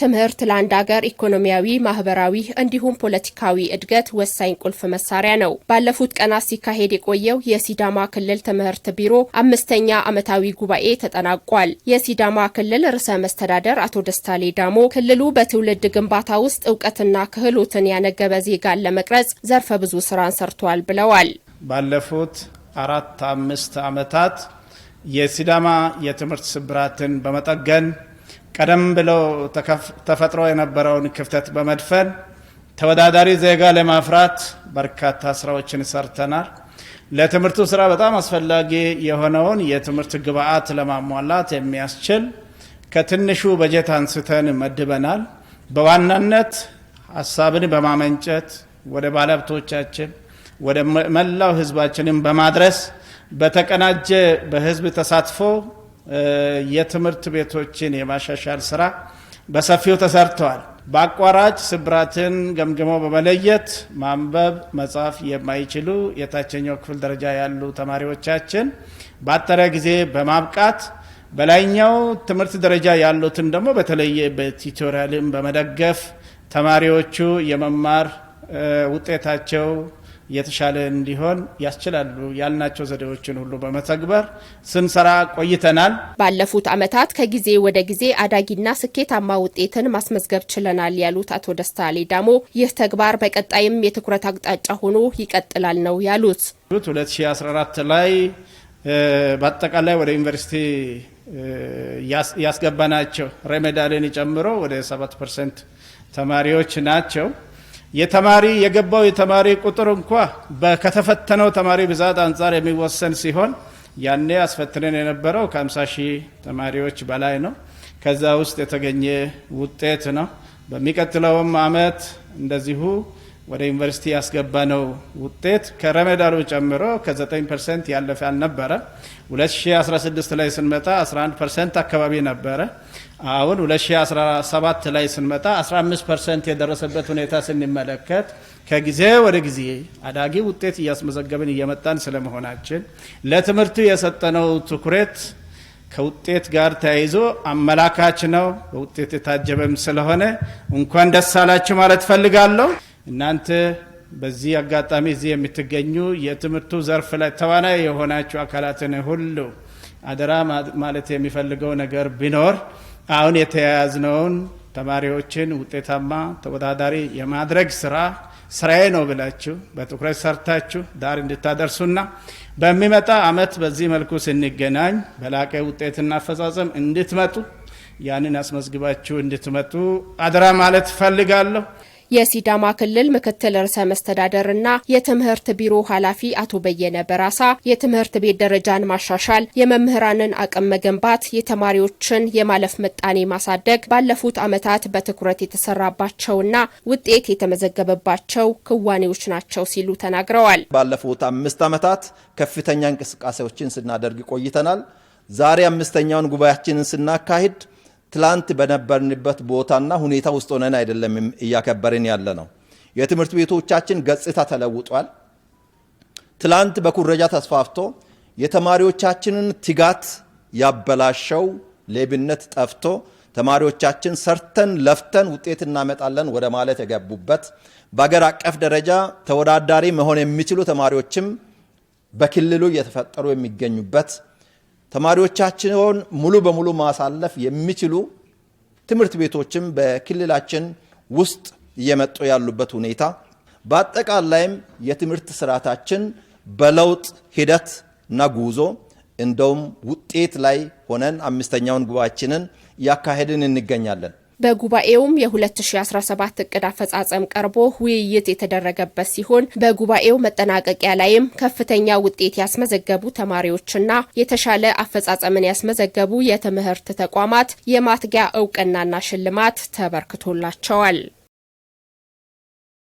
ትምህርት ለአንድ ሀገር ኢኮኖሚያዊ፣ ማህበራዊ እንዲሁም ፖለቲካዊ እድገት ወሳኝ ቁልፍ መሳሪያ ነው። ባለፉት ቀናት ሲካሄድ የቆየው የሲዳማ ክልል ትምህርት ቢሮ አምስተኛ ዓመታዊ ጉባኤ ተጠናቋል። የሲዳማ ክልል ርዕሰ መስተዳደር አቶ ደስታ ሌዳሞ ክልሉ በትውልድ ግንባታ ውስጥ እውቀትና ክህሎትን ያነገበ ዜጋን ለመቅረጽ ዘርፈ ብዙ ስራን ሰርቷል ብለዋል። ባለፉት አራት አምስት ዓመታት የሲዳማ የትምህርት ስብራትን በመጠገን ቀደም ብለው ተፈጥሮ የነበረውን ክፍተት በመድፈን ተወዳዳሪ ዜጋ ለማፍራት በርካታ ስራዎችን ሰርተናል። ለትምህርቱ ስራ በጣም አስፈላጊ የሆነውን የትምህርት ግብአት ለማሟላት የሚያስችል ከትንሹ በጀት አንስተን መድበናል። በዋናነት ሀሳብን በማመንጨት ወደ ባለሀብቶቻችን ወደ መላው ህዝባችንን በማድረስ በተቀናጀ በህዝብ ተሳትፎ የትምህርት ቤቶችን የማሻሻል ስራ በሰፊው ተሰርተዋል። በአቋራጭ ስብራትን ገምግሞ በመለየት ማንበብ መጻፍ የማይችሉ የታችኛው ክፍል ደረጃ ያሉ ተማሪዎቻችን በአጠረ ጊዜ በማብቃት በላይኛው ትምህርት ደረጃ ያሉትን ደግሞ በተለየ በቲዩቶሪያልም በመደገፍ ተማሪዎቹ የመማር ውጤታቸው የተሻለ እንዲሆን ያስችላሉ ያልናቸው ዘዴዎችን ሁሉ በመተግበር ስንሰራ ቆይተናል። ባለፉት ዓመታት ከጊዜ ወደ ጊዜ አዳጊና ስኬታማ ውጤትን ማስመዝገብ ችለናል ያሉት አቶ ደስታ ሌዳሞ ይህ ተግባር በቀጣይም የትኩረት አቅጣጫ ሆኖ ይቀጥላል ነው ያሉት። 2014 ላይ በአጠቃላይ ወደ ዩኒቨርሲቲ ያስገባናቸው ሬሜዳልን ጨምሮ ወደ 7 ፐርሰንት ተማሪዎች ናቸው። የተማሪ የገባው የተማሪ ቁጥር እንኳ ከተፈተነው ተማሪ ብዛት አንጻር የሚወሰን ሲሆን ያኔ አስፈትነን የነበረው ከ50 ሺህ ተማሪዎች በላይ ነው። ከዛ ውስጥ የተገኘ ውጤት ነው። በሚቀጥለውም አመት እንደዚሁ ወደ ዩኒቨርሲቲ ነው ውጤት ከረመዳኑ ጨምሮ ከ9 ፐርሰንት ያለፈ አልነበረ። 2016 ላይ ስንመጣ 11 ፐርሰንት አካባቢ ነበረ። አሁን 2017 ላይ ስንመጣ 15 ፐርሰንት የደረሰበት ሁኔታ ስንመለከት ከጊዜ ወደ ጊዜ አዳጊ ውጤት እያስመዘገብን እየመጣን ስለመሆናችን ለትምህርቱ የሰጠነው ትኩረት ከውጤት ጋር ተያይዞ አመላካች ነው። በውጤት የታጀበም ስለሆነ እንኳን ደስ አላችሁ ማለት ፈልጋለሁ። እናንተ በዚህ አጋጣሚ እዚህ የምትገኙ የትምህርቱ ዘርፍ ላይ ተዋናይ የሆናችሁ አካላትን ሁሉ አደራ ማለት የሚፈልገው ነገር ቢኖር አሁን የተያያዝነውን ተማሪዎችን ውጤታማ ተወዳዳሪ የማድረግ ስራ ስራዬ ነው ብላችሁ በትኩረት ሰርታችሁ ዳር እንድታደርሱና በሚመጣ አመት በዚህ መልኩ ስንገናኝ በላቀ ውጤትና አፈጻጸም እንድትመጡ ያንን አስመዝግባችሁ እንድትመጡ አደራ ማለት ፈልጋለሁ። የሲዳማ ክልል ምክትል ርዕሰ መስተዳደርና የትምህርት ቢሮ ኃላፊ አቶ በየነ በራሳ የትምህርት ቤት ደረጃን ማሻሻል፣ የመምህራንን አቅም መገንባት፣ የተማሪዎችን የማለፍ ምጣኔ ማሳደግ ባለፉት ዓመታት በትኩረት የተሰራባቸውና ውጤት የተመዘገበባቸው ክዋኔዎች ናቸው ሲሉ ተናግረዋል። ባለፉት አምስት ዓመታት ከፍተኛ እንቅስቃሴዎችን ስናደርግ ቆይተናል። ዛሬ አምስተኛውን ጉባኤያችንን ስናካሂድ ትላንት በነበርንበት ቦታና ሁኔታ ውስጥ ሆነን አይደለም እያከበርን ያለ ነው። የትምህርት ቤቶቻችን ገጽታ ተለውጧል። ትላንት በኩረጃ ተስፋፍቶ የተማሪዎቻችንን ትጋት ያበላሸው ሌብነት ጠፍቶ ተማሪዎቻችን ሰርተን ለፍተን ውጤት እናመጣለን ወደ ማለት የገቡበት በአገር አቀፍ ደረጃ ተወዳዳሪ መሆን የሚችሉ ተማሪዎችም በክልሉ እየተፈጠሩ የሚገኙበት ተማሪዎቻቸውን ሙሉ በሙሉ ማሳለፍ የሚችሉ ትምህርት ቤቶችም በክልላችን ውስጥ እየመጡ ያሉበት ሁኔታ በአጠቃላይም የትምህርት ስርዓታችን በለውጥ ሂደት እና ጉዞ እንደውም ውጤት ላይ ሆነን አምስተኛውን ጉባችንን ያካሄድን እንገኛለን። በጉባኤውም የ2017 እቅድ አፈጻጸም ቀርቦ ውይይት የተደረገበት ሲሆን በጉባኤው መጠናቀቂያ ላይም ከፍተኛ ውጤት ያስመዘገቡ ተማሪዎችና የተሻለ አፈጻጸምን ያስመዘገቡ የትምህርት ተቋማት የማትጊያ እውቅናና ሽልማት ተበርክቶላቸዋል።